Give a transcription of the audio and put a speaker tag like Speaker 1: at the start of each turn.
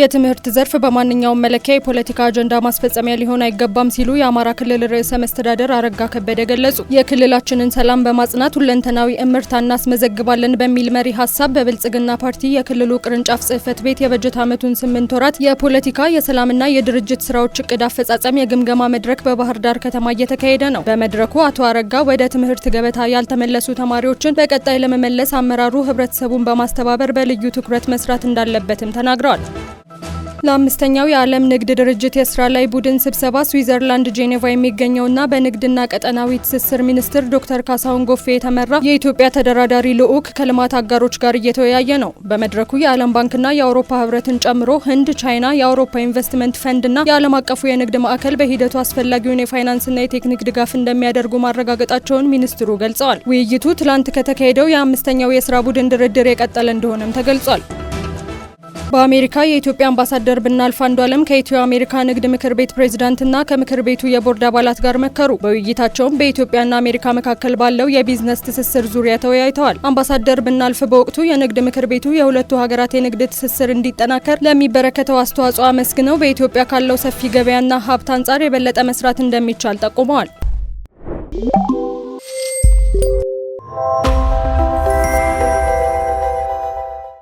Speaker 1: የትምህርት ዘርፍ በማንኛውም መለኪያ የፖለቲካ አጀንዳ ማስፈጸሚያ ሊሆን አይገባም ሲሉ የአማራ ክልል ርዕሰ መስተዳደር አረጋ ከበደ ገለጹ። የክልላችንን ሰላም በማጽናት ሁለንተናዊ እምርታ እናስመዘግባለን በሚል መሪ ሀሳብ በብልጽግና ፓርቲ የክልሉ ቅርንጫፍ ጽህፈት ቤት የበጀት ዓመቱን ስምንት ወራት የፖለቲካ የሰላምና የድርጅት ስራዎች እቅድ አፈጻጸም የግምገማ መድረክ በባህር ዳር ከተማ እየተካሄደ ነው። በመድረኩ አቶ አረጋ ወደ ትምህርት ገበታ ያልተመለሱ ተማሪዎችን በቀጣይ ለመመለስ አመራሩ ህብረተሰቡን በማስተባበር በልዩ ትኩረት መስራት እንዳለበትም ተናግረዋል። ለአምስተኛው የዓለም ንግድ ድርጅት የስራ ላይ ቡድን ስብሰባ ስዊዘርላንድ ጄኔቫ የሚገኘውና በንግድና ቀጠናዊ ትስስር ሚኒስትር ዶክተር ካሳሁን ጎፌ የተመራ የኢትዮጵያ ተደራዳሪ ልዑክ ከልማት አጋሮች ጋር እየተወያየ ነው። በመድረኩ የዓለም ባንክና የአውሮፓ ህብረትን ጨምሮ ህንድ፣ ቻይና፣ የአውሮፓ ኢንቨስትመንት ፈንድና የዓለም አቀፉ የንግድ ማዕከል በሂደቱ አስፈላጊውን የፋይናንስና የቴክኒክ ድጋፍ እንደሚያደርጉ ማረጋገጣቸውን ሚኒስትሩ ገልጸዋል። ውይይቱ ትላንት ከተካሄደው የአምስተኛው የስራ ቡድን ድርድር የቀጠለ እንደሆነም ተገልጿል። በአሜሪካ የኢትዮጵያ አምባሳደር ብናልፍ አንዱዓለም ከኢትዮ አሜሪካ ንግድ ምክር ቤት ፕሬዝዳንትና ከምክር ቤቱ የቦርድ አባላት ጋር መከሩ። በውይይታቸውም በኢትዮጵያና አሜሪካ መካከል ባለው የቢዝነስ ትስስር ዙሪያ ተወያይተዋል። አምባሳደር ብናልፍ በወቅቱ የንግድ ምክር ቤቱ የሁለቱ ሀገራት የንግድ ትስስር እንዲጠናከር ለሚበረከተው አስተዋጽኦ አመስግነው በኢትዮጵያ ካለው ሰፊ ገበያና ሀብት አንጻር የበለጠ መስራት እንደሚቻል ጠቁመዋል።